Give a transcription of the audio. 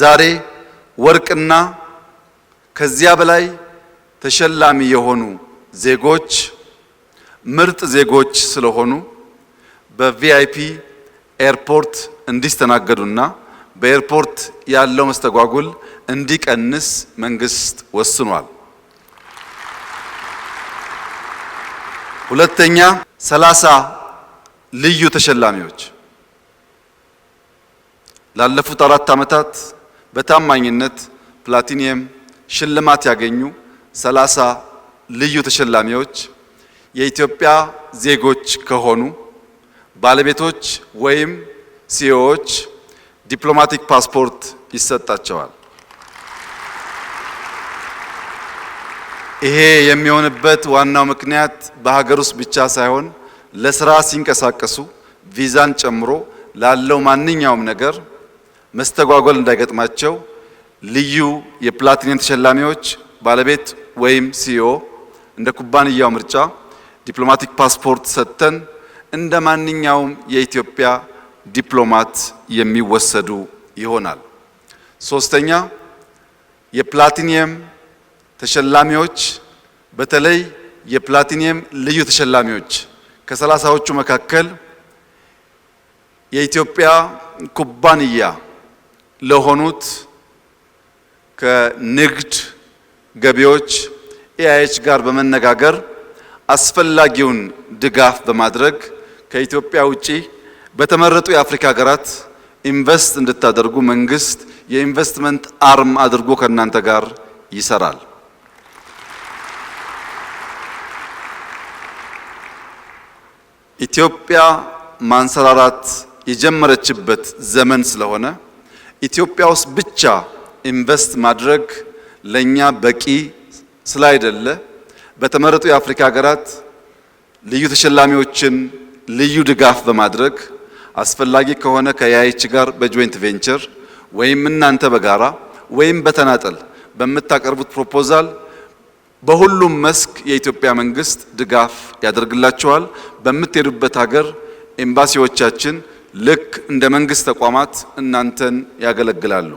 ዛሬ ወርቅና ከዚያ በላይ ተሸላሚ የሆኑ ዜጎች ምርጥ ዜጎች ስለሆኑ በቪአይፒ ኤርፖርት እንዲስተናገዱና በኤርፖርት ያለው መስተጓጉል እንዲቀንስ መንግስት ወስኗል። ሁለተኛ፣ ሰላሳ ልዩ ተሸላሚዎች ላለፉት አራት ዓመታት በታማኝነት ፕላቲኒየም ሽልማት ያገኙ ሰላሳ ልዩ ተሸላሚዎች የኢትዮጵያ ዜጎች ከሆኑ ባለቤቶች ወይም ሲዮዎች ዲፕሎማቲክ ፓስፖርት ይሰጣቸዋል። ይሄ የሚሆንበት ዋናው ምክንያት በሀገር ውስጥ ብቻ ሳይሆን ለስራ ሲንቀሳቀሱ ቪዛን ጨምሮ ላለው ማንኛውም ነገር መስተጓጎል እንዳይገጥማቸው ልዩ የፕላቲኒየም ተሸላሚዎች ባለቤት ወይም ሲኦ እንደ ኩባንያው ምርጫ ዲፕሎማቲክ ፓስፖርት ሰጥተን እንደ ማንኛውም የኢትዮጵያ ዲፕሎማት የሚወሰዱ ይሆናል። ሶስተኛ የፕላቲኒየም ተሸላሚዎች በተለይ የፕላቲኒየም ልዩ ተሸላሚዎች ከሰላሳዎቹ መካከል የኢትዮጵያ ኩባንያ ለሆኑት ከንግድ ገቢዎች ኤአይች ጋር በመነጋገር አስፈላጊውን ድጋፍ በማድረግ ከኢትዮጵያ ውጪ በተመረጡ የአፍሪካ ሀገራት ኢንቨስት እንድታደርጉ መንግስት የኢንቨስትመንት አርም አድርጎ ከእናንተ ጋር ይሰራል። ኢትዮጵያ ማንሰራራት የጀመረችበት ዘመን ስለሆነ ኢትዮጵያ ውስጥ ብቻ ኢንቨስት ማድረግ ለኛ በቂ ስላይደለ በተመረጡ የአፍሪካ ሀገራት ልዩ ተሸላሚዎችን ልዩ ድጋፍ በማድረግ አስፈላጊ ከሆነ ከያይች ጋር በጆይንት ቬንቸር ወይም እናንተ በጋራ ወይም በተናጠል በምታቀርቡት ፕሮፖዛል በሁሉም መስክ የኢትዮጵያ መንግስት ድጋፍ ያደርግላችኋል። በምትሄዱበት ሀገር ኤምባሲዎቻችን ልክ እንደ መንግስት ተቋማት እናንተን ያገለግላሉ።